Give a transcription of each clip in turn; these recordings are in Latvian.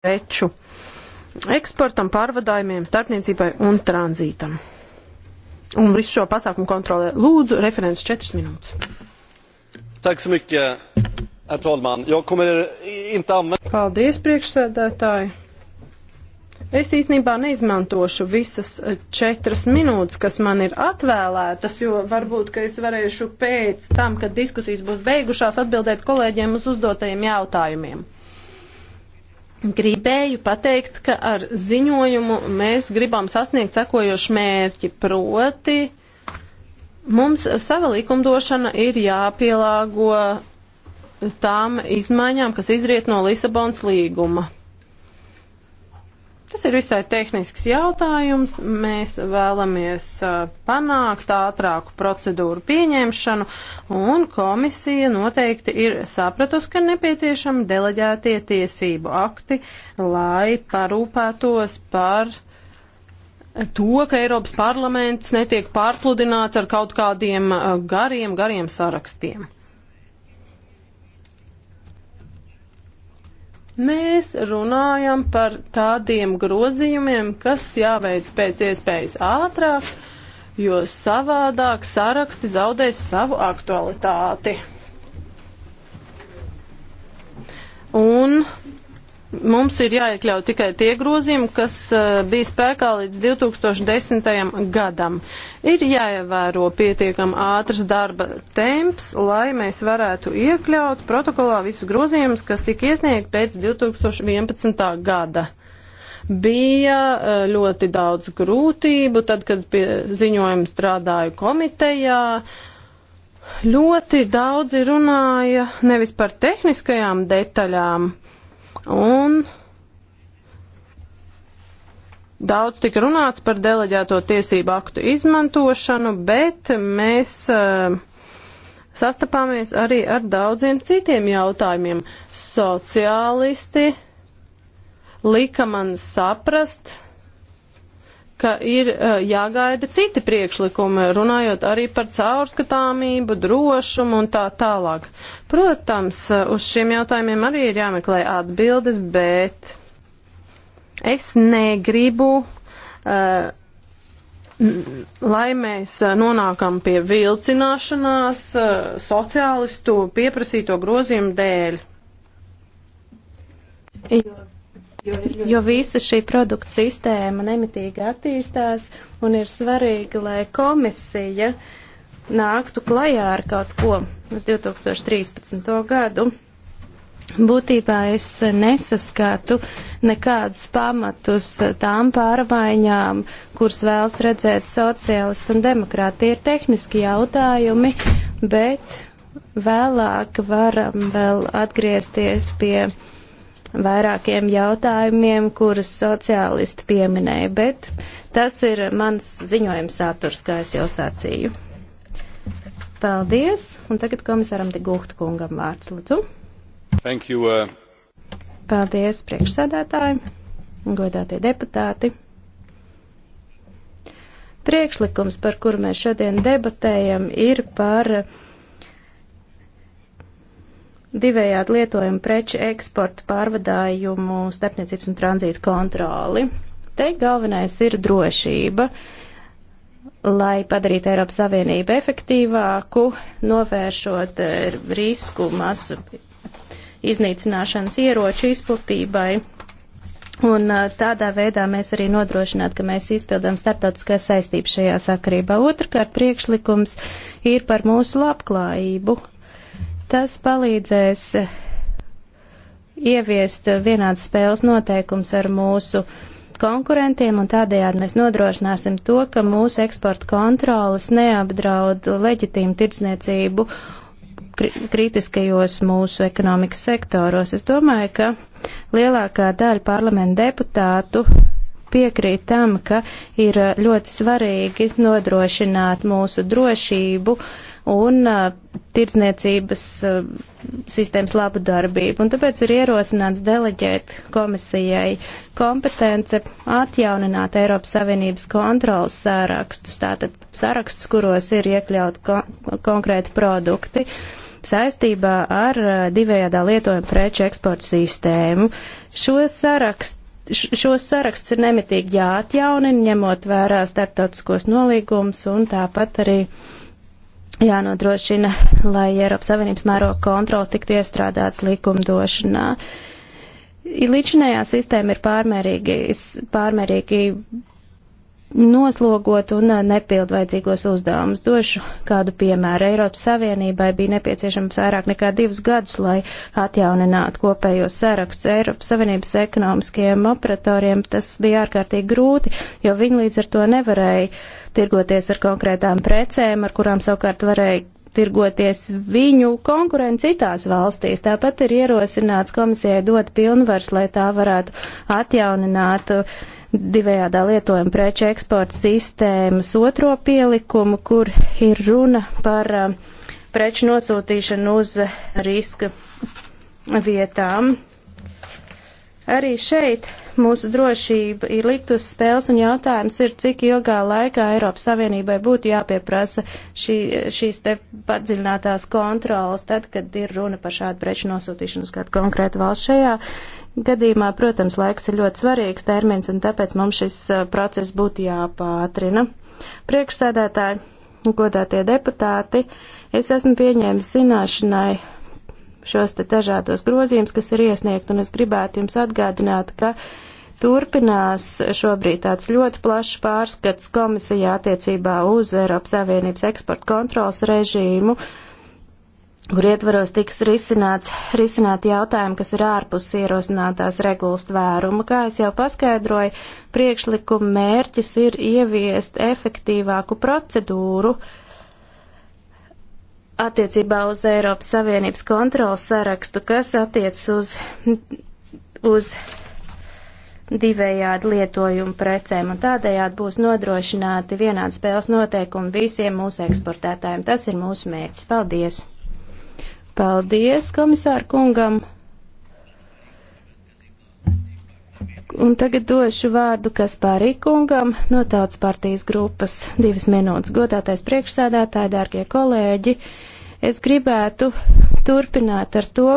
preču eksportam, pārvadājumiem, starpniecībai un tranzītam. Un visu šo pasākumu kontrolē. Lūdzu, referents 4 minūtes. Tack så mycket, herr talman. Jag kommer inte använda... Paldies, priekšsēdētāji. Es īstenībā neizmantošu visas eh, četras minūtes, kas man ir atvēlētas, jo varbūt, ka es varēšu pēc tam, kad diskusijas būs beigušās, atbildēt kolēģiem uz uzdotajiem jautājumiem. Gribēju pateikt, ka ar ziņojumu mēs gribam sasniegt sekojošu mērķi, proti mums sava likumdošana ir jāpielāgo tām izmaiņām, kas izriet no Lisabonas līguma. Tas ir visai tehnisks jautājums. Mēs vēlamies uh, panākt ātrāku procedūru pieņemšanu, un komisija noteikti ir sapratusi, ka nepieciešami deleģētie tiesību akti, lai parūpētos par to, ka Eiropas parlaments netiek pārpludināts ar kaut kādiem uh, gariem, gariem sarakstiem. Mēs runājam par tādiem grozījumiem, kas jāveic pēc iespējas ātrāk, jo savādāk saraksti zaudēs savu aktualitāti. Un Mums ir jāiekļaut tikai tie grozījumi, kas uh, bija spēkā līdz 2010. gadam. Ir jāievēro pietiekam ātrs darba temps, lai mēs varētu iekļaut protokolā visus grozījumus, kas tika iesniegt pēc 2011. gada. Bija uh, ļoti daudz grūtību, tad, kad pie ziņojuma strādāju komitejā, ļoti daudzi runāja nevis par tehniskajām detaļām, Un Daudz tika runāts par deleģēto tiesību aktu izmantošanu, bet mēs uh, sastapāmies arī ar daudziem citiem jautājumiem. Sociālisti lika man saprast, ka ir eh, jāgaida citi priekšlikumi, runājot arī par caurskatāmību, drošumu un tā tālāk. Protams, eh, uz šiem jautājumiem arī ir jāmeklē atbildes, bet es negribu. Uh, lai mēs nonākam pie vilcināšanās sociālistu pieprasīto grozījumu dēļ. Jo jo visa šī produkta sistēma nemitīgi attīstās un ir svarīgi, lai komisija nāktu klajā ar kaut ko uz 2013. gadu. Būtībā es nesaskatu nekādus pamatus tām pārmaiņām, kuras vēlas redzēt sociālisti un demokrāti. Tie ir tehniski jautājumi, bet vēlāk varam vēl atgriezties pie uh, vairākiem jautājumiem, kuras sociālisti pieminēja, bet tas ir mans ziņojums saturs, kā es jau sacīju. Paldies, un tagad komisāram te Guhta kungam vārds, lūdzu. Thank you. Uh... Paldies, priekšsēdētāji, godātie deputāti. Priekšlikums, par kuru mēs šodien debatējam, ir par uh, divējādi lietojumu preču eksportu pārvadājumu starpniecības un tranzītu kontroli. Te galvenais ir drošība, lai padarītu Eiropas Savienību efektīvāku, novēršot eh, risku masu iznīcināšanas ieroču izplatībai. Un eh, tādā veidā mēs arī nodrošinātu, ka mēs izpildām starptautiskās saistības šajā sakarībā. Otrkārt, priekšlikums ir par mūsu labklājību Tas palīdzēs ieviest vienādas spēles noteikums ar mūsu konkurentiem, un tādējādi mēs nodrošināsim to, ka mūsu eksporta kontrolas neapdraud leģitīmu tirdzniecību kritiskajos mūsu ekonomikas sektoros. Es domāju, ka lielākā daļa parlamenta deputātu piekrīt tam, ka ir uh, ļoti svarīgi nodrošināt mūsu drošību un uh, tirdzniecības uh, sistēmas labu darbību. Un tāpēc ir ierosināts deleģēt komisijai kompetence atjaunināt Eiropas Savienības kontrolas sārakstus, tātad sārakstus, kuros ir iekļaut kon konkrēti produkti saistībā ar uh, divējādā lietojuma preču eksporta sistēmu. Šo sarakstu šos sarakstus ir nemitīgi jāatjaunina, ņemot vērā starptautiskos nolīgumus un tāpat arī jānodrošina, lai Eiropas Savienības mēroga kontrols tiktu iestrādāts likumdošanā. Līdzinējā sistēma ir pārmērīgi, pārmērīgi noslogot un nepild vajadzīgos uzdevumus. Došu kādu piemēru. Eiropas Savienībai bija nepieciešams vairāk nekā divus gadus, lai atjauninātu kopējos sarakstus Eiropas Savienības ekonomiskajiem operatoriem. Tas bija ārkārtīgi grūti, jo viņi līdz ar to nevarēja tirgoties ar konkrētām precēm, ar kurām savukārt varēja tirgoties viņu konkurenci citās valstīs. Tāpat ir ierosināts komisijai dot pilnvars, lai tā varētu atjaunināt uh, divējādā lietojuma preču eksporta sistēmas otro pielikumu, kur ir runa par uh, preču nosūtīšanu uz riska vietām. Arī šeit mūsu drošība ir likt uz spēles, un jautājums ir, cik ilgā laikā Eiropas Savienībai būtu jāpieprasa šī, šīs te padziļinātās kontrolas, tad, kad ir runa par šādu preču nosūtīšanu uz kādu konkrētu valsts šajā. Gadījumā, protams, laiks ir ļoti svarīgs termins, un tāpēc mums šis process būtu jāpātrina. Priekšsēdētāji, godātie deputāti, es esmu pieņēmis zināšanai šos te dažādos grozījumus, kas ir iesniegt, un es gribētu jums atgādināt, ka Turpinās šobrīd tāds ļoti plašs pārskats komisijā attiecībā uz Eiropas Savienības eksporta kontrols režīmu, kur ietvaros tiks risināts, risināt jautājumi, kas ir ārpus ierosinātās regulas tvēruma. Kā es jau paskaidroju, priekšlikuma mērķis ir ieviest efektīvāku procedūru attiecībā uz Eiropas Savienības kontrols sarakstu, kas attiec uz, uz divējādi lietojumu precēm, un tādējādi būs nodrošināti vienādi spēles noteikumi visiem mūsu eksportētājiem. Tas ir mūsu mērķis. Paldies! Paldies komisāru kungam! Un tagad došu vārdu Kaspārī kungam no Tautas partijas grupas divas minūtes. Godātais priekšsēdētāji, dārgie kolēģi, es gribētu turpināt ar to,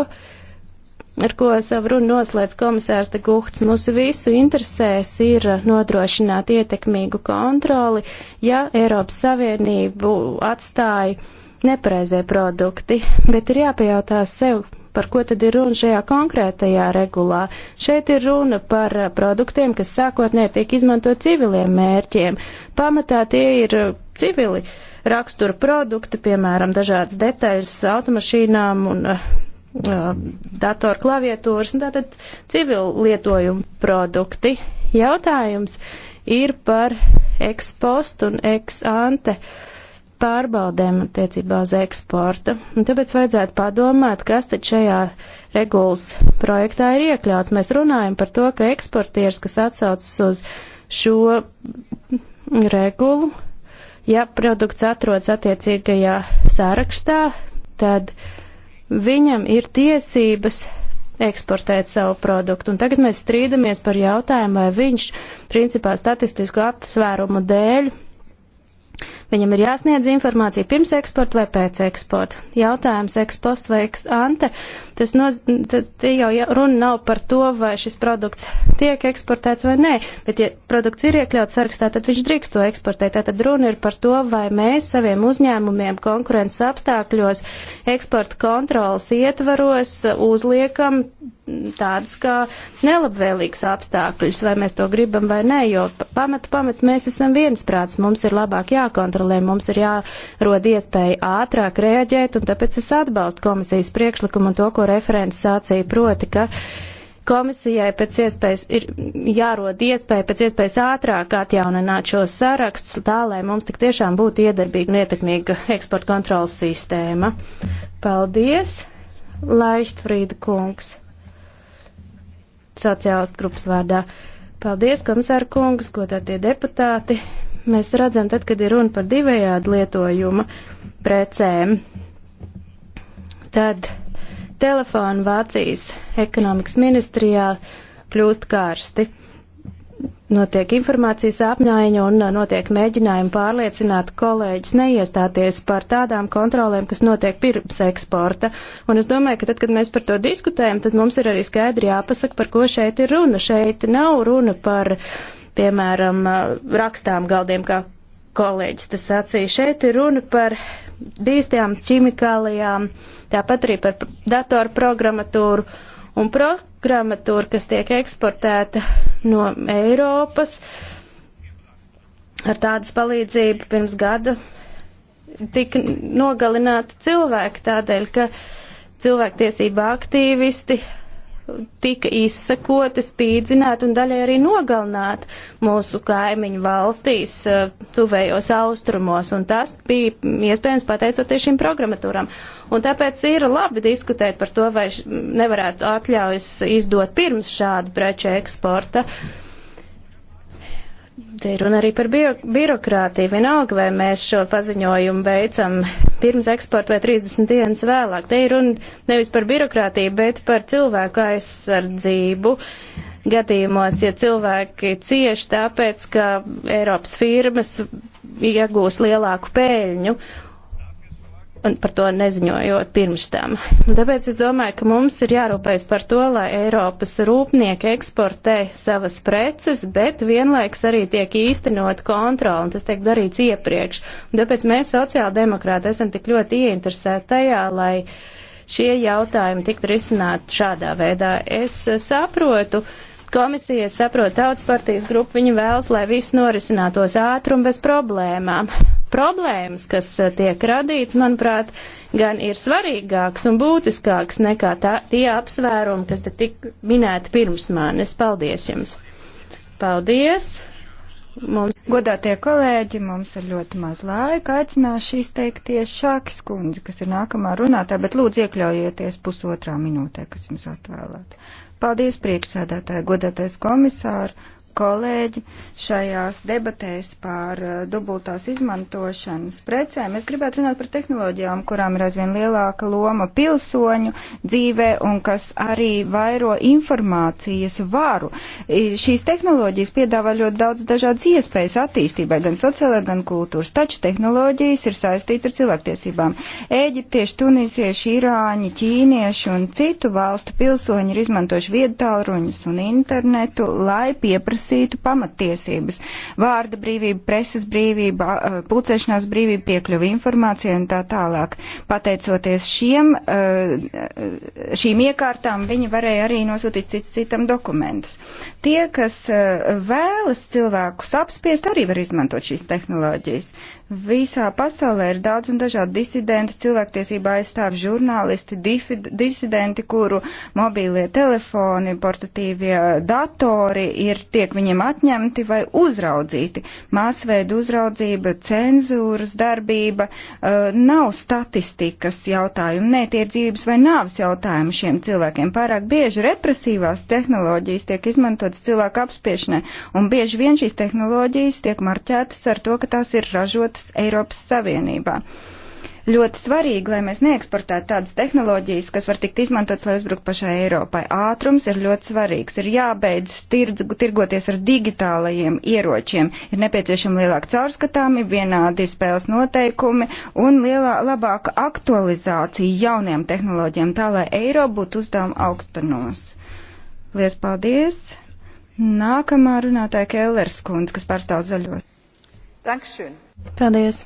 ar ko savu runu noslēdz komisārs de Guhts, mūsu visu interesēs ir nodrošināt ietekmīgu kontroli, ja Eiropas Savienību atstāja nepareizie produkti, bet ir jāpajautā sev, par ko tad ir runa šajā konkrētajā regulā. Šeit ir runa par produktiem, kas sākotnēji tiek izmanto civiliem mērķiem. Pamatā tie ir civili rakstura produkti, piemēram, dažādas detaļas automašīnām un uh, datorklaviatūras, un tātad civilu lietojumu produkti. Jautājums ir par ekspost un eksante pārbaudēm attiecībā uz eksporta. Un tāpēc vajadzētu padomāt, kas tad šajā regulas projektā ir iekļauts. Mēs runājam par to, ka eksportieris, kas atsaucas uz šo regulu, ja produkts atrodas attiecīgajā sarakstā, tad uh, viņam ir tiesības eksportēt savu produktu. Un tagad mēs strīdamies par jautājumu, vai viņš, principā, statistisku apsvērumu dēļ Viņam ir jāsniedz informācija pirms eksporta vai pēc eksporta. Jautājums ekspost vai eksante, tas, noz, tas jau runa nav par to, vai šis produkts tiek eksportēts vai nē, bet ja produkts ir iekļauts sarakstā, tad viņš drīkst to eksportēt. Tātad runa ir par to, vai mēs saviem uzņēmumiem konkurences apstākļos eksporta kontrolas ietvaros uzliekam tādas kā nelabvēlīgas apstākļus, vai mēs to gribam vai nē, jo pamatu pamatu mēs esam viensprāts, mums ir labāk jākontrolē kontrolē. Mums ir jārod iespēja ātrāk rēģēt, un tāpēc es atbalstu komisijas priekšlikumu un to, ko referents sācīja, proti, ka komisijai pēc iespējas ir jārod iespēja pēc iespējas ātrāk atjaunināt šos sarakstus, tā, lai mums tik tiešām būtu iedarbīga un ietekmīga eksporta kontrolas sistēma. Paldies, Laištfrīda kungs, sociālistu grupas vārdā. Paldies, komisāra kungs, godātie deputāti mēs redzam, tad, kad ir runa par divējādu lietojumu precēm, tad telefonu Vācijas ekonomikas ministrijā kļūst karsti. Notiek informācijas apņēma un uh, notiek mēģinājumi pārliecināt kolēģis neiestāties par tādām kontrolēm, kas notiek pirms eksporta. Un es domāju, ka tad, kad mēs par to diskutējam, tad mums ir arī skaidri jāpasaka, par ko šeit ir runa. Šeit nav runa par uh, piemēram, rakstām galdiem, kā kolēģis tas sacīja. Šeit ir runa par bīstajām ķimikālijām, tāpat arī par datoru programmatūru un programmatūru, kas tiek eksportēta no Eiropas. Ar tādas palīdzību pirms gada tika nogalināti cilvēki tādēļ, ka cilvēktiesība aktīvisti tika izsakoti, spīdzināti un daļai arī nogalināti mūsu kaimiņu valstīs, eh, tuvējos austrumos, un tas bija iespējams pateicoties šīm programmatūram. Un tāpēc ir labi diskutēt par to, vai nevarētu atļaujas izdot pirms šāda preču eksporta. Uh, Te ir runa arī par birokrātiju. Vienalga, vai mēs šo paziņojumu veicam pirms eksporta vai 30 dienas vēlāk. Te ir runa nevis par birokrātiju, bet par cilvēku aizsardzību gadījumos, ja cilvēki cieši tāpēc, ka Eiropas firmas iegūst lielāku pēļņu un par to neziņojot pirms tam. Tāpēc es domāju, ka mums ir jārūpējas par to, lai Eiropas rūpnieki eksportē savas preces, bet vienlaiks arī tiek īstenot kontroli, un tas tiek darīts iepriekš. Un tāpēc mēs sociāldemokrāti esam tik ļoti ieinteresēti tajā, lai šie jautājumi tiktu risināti šādā veidā. Es saprotu, komisija saprot tautas partijas grupu, viņi vēlas, lai viss norisinātos ātrum bez problēmām problēmas, kas eh, tiek radīts, manuprāt, gan ir svarīgāks un būtiskāks nekā tā, tie apsvērumi, kas te tik minēti pirms manis. Paldies jums! Paldies! Mums... Godātie kolēģi, mums ir ļoti maz laika. Aicināšu izteikties Šākas kundzi, kas ir nākamā runātā, bet lūdzu iekļaujieties pusotrā minūtē, kas jums atvēlēta. Paldies, priekšsēdētāji, godātais komisāri! kolēģi, šajās debatēs par uh, dubultās izmantošanas precēm es gribētu runāt par tehnoloģijām, kurām ir aizvien lielāka loma pilsoņu dzīvē un kas arī vairo informācijas varu. Šīs tehnoloģijas piedāvā ļoti daudz dažādas iespējas attīstībai, gan sociālai, gan kultūras, taču tehnoloģijas ir saistīts ar cilvēktiesībām. Ēģiptieši, tunisieši, irāņi, ķīnieši un citu valstu pilsoņi ir izmantojuši viedtālruņus un internetu, lai pieprasītu pieprasītu pamatiesības - vārda brīvība, preses brīvība, pulcēšanās brīvība, piekļuva informācijai un tā tālāk. Pateicoties šiem, šīm iekārtām, viņi varēja arī nosūtīt cits citam dokumentus. Tie, kas vēlas cilvēkus apspiest, arī var izmantot šīs tehnoloģijas. Visā pasaulē ir daudz un dažādi disidenti, cilvēktiesība aizstāv žurnālisti, difi, disidenti, kuru mobīlie telefoni, portatīvie datori ir tiek tiek viņiem atņemti vai uzraudzīti. Māsveida uzraudzība, cenzūras darbība eh, nav statistikas jautājumi, nē, tie ir dzīves vai nāves jautājumi šiem cilvēkiem. Pārāk bieži represīvās tehnoloģijas tiek izmantotas cilvēku apspiešanai, un bieži vien šīs tehnoloģijas tiek marķētas ar to, ka tās ir ražotas Eiropas Savienībā ļoti svarīgi, lai mēs neeksportētu tādas tehnoloģijas, kas var tikt izmantotas, lai uzbruktu pašai Eiropai. Ātrums ir ļoti svarīgs, ir jābeidz tirg, tirgoties ar digitālajiem ieročiem, ir nepieciešama lielāka caurskatāmi, vienādi spēles noteikumi un lielā, labāka aktualizācija jaunajām tehnoloģijām, tā lai Eiro būtu uzdevuma augstanos. Lies paldies! Nākamā runātāja Kellers kundze, kas pārstāv zaļos. Dankšķin. Paldies!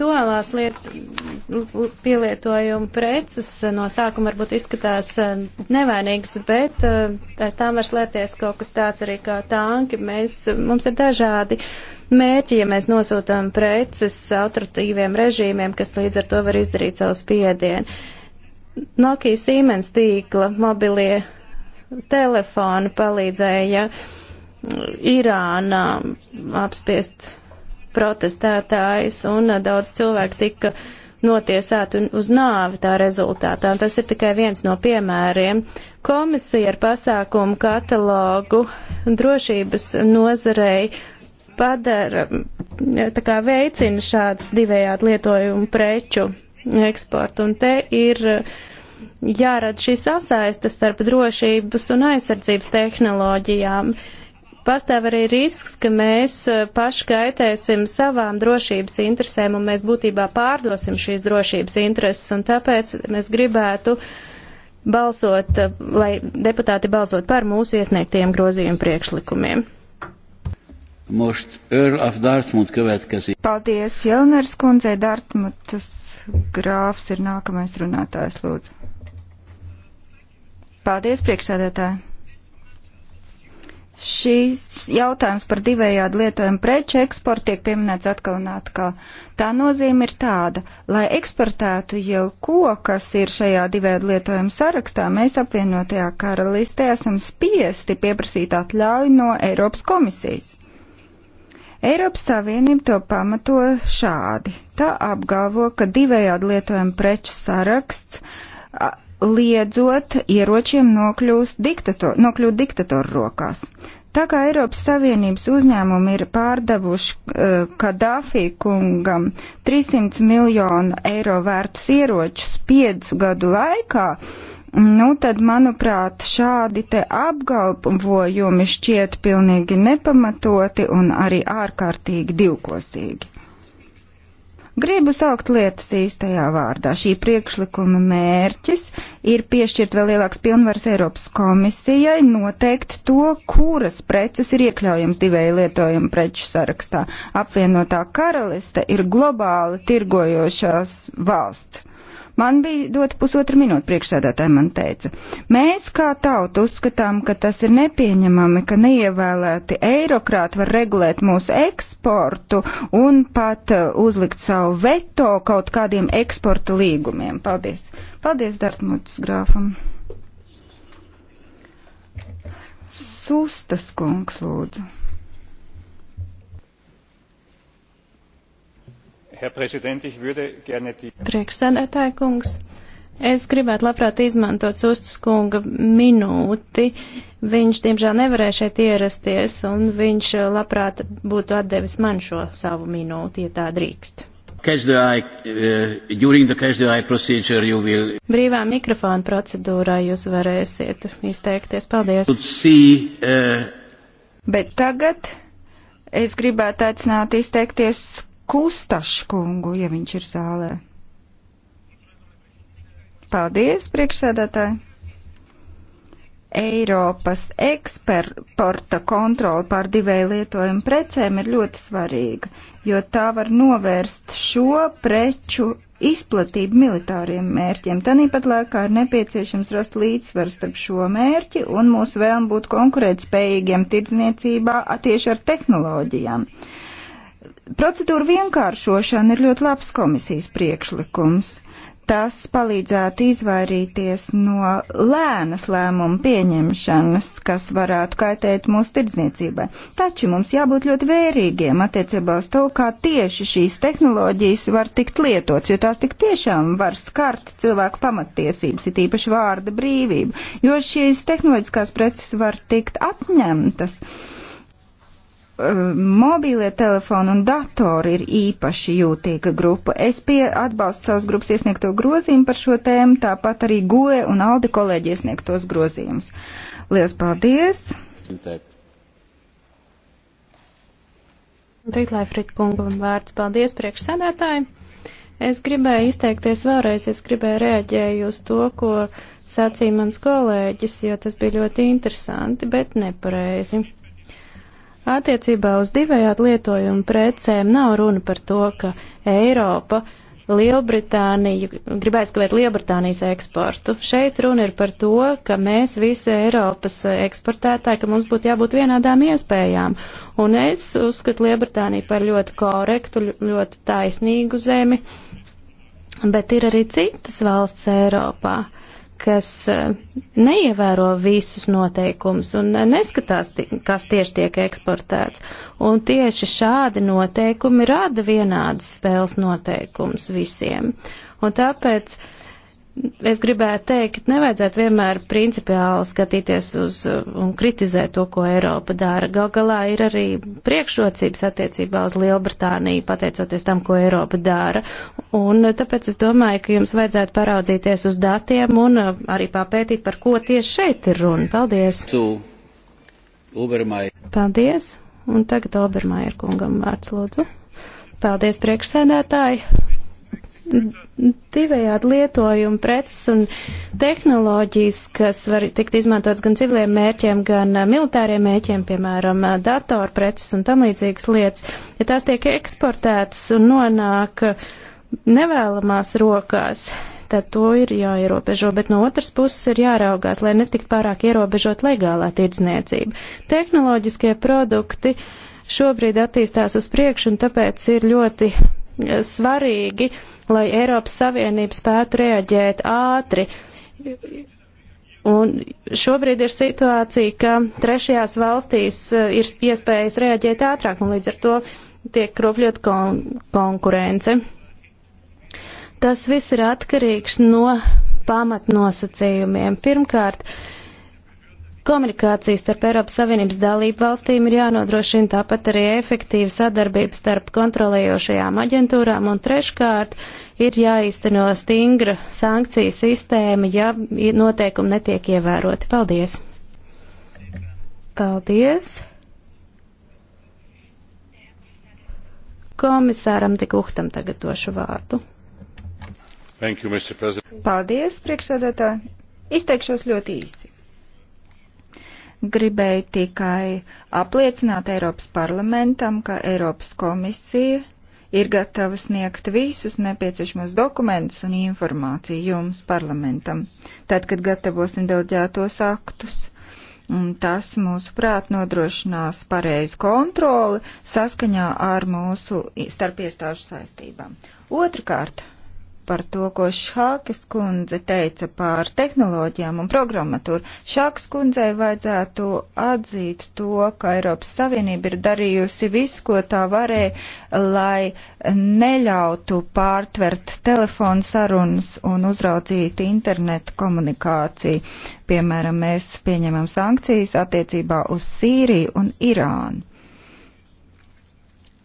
Duālās pielietojuma preces no sākuma varbūt izskatās eh, nevainīgas, bet eh, aiz tām var slēpties kaut kas tāds arī kā tanki. Mēs, mums ir dažādi mērķi, ja mēs nosūtām preces autoritīviem režīmiem, kas līdz ar to var izdarīt savu spiedienu. Nokia Siemens tīkla mobilie telefoni palīdzēja Irānā apspiest protestētājs un eh, daudz cilvēku tika notiesāti uz nāvi tā rezultātā. Un tas ir tikai viens no piemēriem. Komisija ar pasākumu katalogu drošības nozarei padara, mm, tā kā veicina šādas divējādi lietojumu preču eksportu. Un te ir eh, jārada šī sasaiste starp drošības un aizsardzības tehnoloģijām. Uh, pastāv arī risks, ka mēs eh, paši kaitēsim savām drošības interesēm un mēs būtībā pārdosim šīs drošības intereses, un tāpēc mēs gribētu balsot, eh, lai deputāti balsot par mūsu iesniegtiem grozījumu priekšlikumiem. Most Earl of Dartmouth következik. Paldies, Fjellners kundze, Dartmutas grāfs ir nākamais runātājs, lūdzu. Paldies, priekšsēdētāji. Šīs jautājums par divējādi lietojumu preču eksportu tiek pieminēts atkal un atkal. Tā nozīme ir tāda, lai eksportētu jau ko, kas ir šajā divējādi lietojumu sarakstā, mēs apvienotajā karalistē esam spiesti pieprasīt atļauju no Eiropas komisijas. Eiropas Savienība to pamato šādi. Tā apgalvo, ka divējādi lietojuma preču saraksts liedzot ieročiem nokļūst diktator, nokļūt diktatoru rokās. Tā kā Eiropas Savienības uzņēmumi ir pārdevuši uh, eh, Kadāfī kungam 300 miljonu eiro vērtus ieročus piecu gadu laikā, nu tad, manuprāt, šādi te apgalvojumi šķiet pilnīgi nepamatoti un arī ārkārtīgi divkosīgi. Gribu saukt lietas īstajā vārdā. Šī priekšlikuma mērķis ir piešķirt vēl lielāks pilnvars Eiropas komisijai noteikt to, kuras preces ir iekļaujams divēju lietojumu preču sarakstā. Apvienotā karaliste ir globāli tirgojošās valsts. Man bija dot pusotru minūtu priekšsēdētāji, man teica. Mēs kā tauta uzskatām, ka tas ir nepieņemami, ka neievēlēti eirokrāti var regulēt mūsu eksportu un pat uh, uzlikt savu veto kaut kādiem eksporta līgumiem. Paldies. Paldies, Dartmūtas grāfam. Sustas kungs, lūdzu. Priekšsēdētāja kungs, es gribētu labprāt izmantot Sustas kunga minūti. Viņš, diemžēl, nevarēja šeit ierasties, un viņš eh, labprāt būtu atdevis man šo savu minūti, ja tā drīkst. Eye, uh, will... Brīvā mikrofona procedūrā jūs varēsiet izteikties. Paldies. See, uh... Bet tagad es gribētu aicināt izteikties Kustašu kungu, ja viņš ir zālē. Paldies, priekšsēdētāji! Eiropas eksporta kontrola pār divēju lietojumu precēm ir ļoti svarīga, jo tā var novērst šo preču izplatību militāriem mērķiem. Tanīpat laikā ir nepieciešams rast līdzsvaru starp šo mērķi un mūsu vēlmu būt konkurētspējīgiem tirdzniecībā tieši ar tehnoloģijām. Uh, Procedūra vienkāršošana ir ļoti labs komisijas priekšlikums. Tas palīdzētu izvairīties no lēnas lēmumu pieņemšanas, kas varētu kaitēt mūsu tirdzniecībai. Taču mums jābūt ļoti vērīgiem attiecībā uz to, kā tieši šīs tehnoloģijas var tikt lietots, jo tās tik tiešām var skart cilvēku pamattiesības, ir īpaši vārda brīvību, jo šīs tehnoloģiskās preces var tikt apņemtas. Uh, Eh, mobīlie telefoni un datori ir īpaši jūtīga grupa. Es pie atbalstu savas grupas iesniegto grozījumu par šo tēmu, tāpat arī GOE un ALDE kolēģi iesniegtos grozījumus. Lielas paldies! Tīt, lai Fritkungam vārds paldies priekšsēdētāji. Es gribēju izteikties vēlreiz, es gribēju reaģēju uz to, ko sacīja mans kolēģis, jo tas bija ļoti interesanti, bet nepareizi. Attiecībā uz divējādu lietojumu precēm nav runa par to, ka Eiropa Lielbritānija, gribēs kavēt Lielbritānijas eksportu. Šeit runa ir par to, ka mēs visi Eiropas eksportētāji, ka mums būtu jābūt vienādām iespējām. Un es uzskatu Lielbritāniju par ļoti korektu, ļoti taisnīgu zemi, bet ir arī citas valsts Eiropā. Uh, kas eh, neievēro visus noteikumus un eh, neskatās, kas tieši tiek eksportēts. Un tieši šādi noteikumi rada vienādas spēles noteikumus visiem. Un tāpēc uh, es gribētu teikt, nevajadzētu vienmēr principiāli skatīties uz uh, un kritizēt to, ko Eiropa dara. Gal galā ir arī priekšrocības attiecībā uz Lielbritāniju, pateicoties tam, ko Eiropa dara. Un uh, tāpēc es domāju, ka jums vajadzētu paraudzīties uz datiem un uh, arī papētīt, par ko tieši šeit ir runa. Paldies! Paldies! Un tagad Obermajer kungam vārds lūdzu. Paldies priekšsēdētāji! divējādi lietojumi preces un tehnoloģijas, kas var tikt izmantotas gan civiliem mērķiem, gan militāriem mērķiem, piemēram, datorpreces un tam līdzīgas lietas, ja tās tiek eksportētas un nonāk nevēlamās rokās, tad to ir jāierobežo, bet no otras puses ir jāraugās, lai netikt pārāk ierobežot legālā tirdzniecība. Tehnoloģiskie produkti šobrīd attīstās uz priekšu, un tāpēc ir ļoti svarīgi uh, lai Eiropas Savienība spētu reaģēt ātri. Un šobrīd ir situācija, ka trešajās valstīs eh, ir iespējas reaģēt ātrāk, un līdz ar to tiek kropļot kon konkurence. Tas viss ir atkarīgs no pamatnosacījumiem. Pirmkārt, uh, Komunikācijas starp Eiropas Savienības dalību valstīm ir jānodrošina tāpat arī efektīva sadarbība starp kontrolējošajām aģentūrām un treškārt ir jāizteno stingra sankciju sistēma, ja noteikumi netiek ievēroti. Paldies! Paldies! Komisāram tik uhtam tagad došu vārdu. Thank you, Paldies, priekšsēdētāji! Izteikšos ļoti īsi. Gribēju tikai apliecināt Eiropas parlamentam, ka Eiropas komisija ir gatava sniegt visus nepieciešamos dokumentus un informāciju jums parlamentam, tad, kad gatavosim delģētos aktus. Un tas, mūsuprāt, nodrošinās pareizu kontroli saskaņā ar mūsu starpiestāžu saistībām. Otrakārt, par to, ko Šākas kundze teica par tehnoloģijām un programmatūru. Šākas kundzei vajadzētu atzīt to, ka Eiropas Savienība ir darījusi visu, ko tā varēja, lai neļautu pārtvert telefonu sarunas un uzraudzīt internetu komunikāciju. Piemēram, mēs pieņemam sankcijas attiecībā uz Sīriju un Irānu.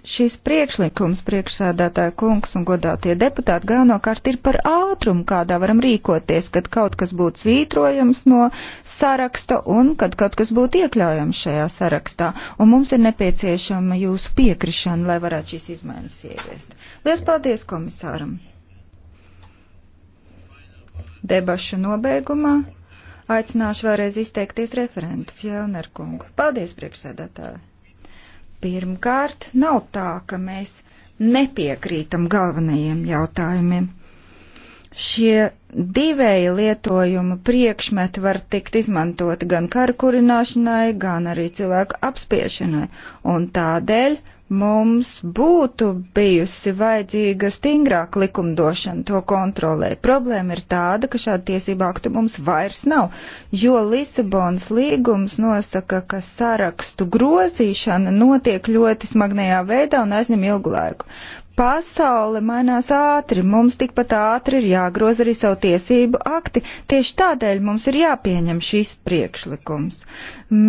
Šis priekšlikums, priekšsēdētāja kungs un godātie deputāti, galvenokārt ir par ātrumu, kādā varam rīkoties, kad kaut kas būtu svītrojams no saraksta un kad kaut kas būtu iekļaujams šajā sarakstā. Un mums ir nepieciešama jūsu piekrišana, lai varētu šīs izmaiņas ieviest. Lielas paldies komisāram! Debašu nobeigumā aicināšu vēlreiz izteikties referentu Fjellner kungu. Paldies, priekšsēdētāji! Pirmkārt, nav tā, ka mēs nepiekrītam galvenajiem jautājumiem. Šie divēji lietojuma priekšmeti var tikt izmantoti gan kara kurināšanai, gan arī cilvēku apspiešanai, un tādēļ Mums būtu bijusi vajadzīga stingrāka likumdošana to kontrolē. Problēma ir tāda, ka šādu tiesību aktu mums vairs nav, jo Lisabonas līgums nosaka, ka sarakstu grozīšana notiek ļoti smagnējā veidā un aizņem ilgu laiku. Pasaule mainās ātri, mums tikpat ātri ir jāgroza arī savu tiesību akti. Tieši tādēļ mums ir jāpieņem šis priekšlikums.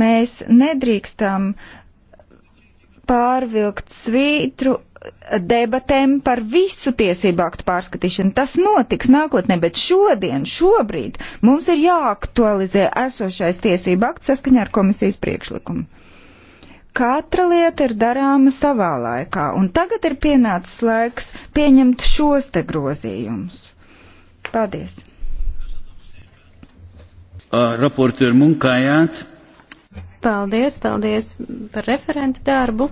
Mēs nedrīkstam uh, pārvilkt svītru debatēm par visu tiesību aktu pārskatīšanu. Tas notiks nākotnē, bet šodien, šobrīd mums ir jāaktualizē esošais tiesību akts saskaņā ar komisijas priekšlikumu. Katra lieta ir darāma savā laikā, un tagad ir pienācis laiks pieņemt šos te grozījumus. Paldies! A raportőr munkáját Paldies, paldies par referenta darbu.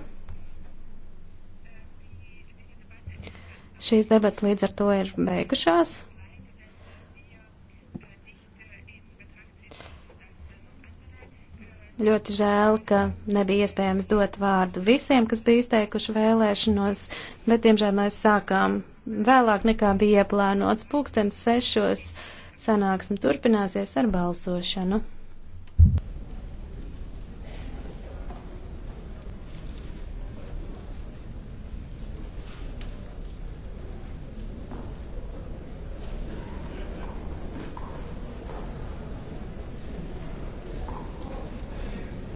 Šīs debats līdz ar to ir beigušās. Ļoti žēl, ka nebija iespējams dot vārdu visiem, kas bija izteikuši vēlēšanos, bet, diemžēl, mēs sākām vēlāk nekā bija ieplānots. Pūkstens sešos sanāksme turpināsies ar balsošanu.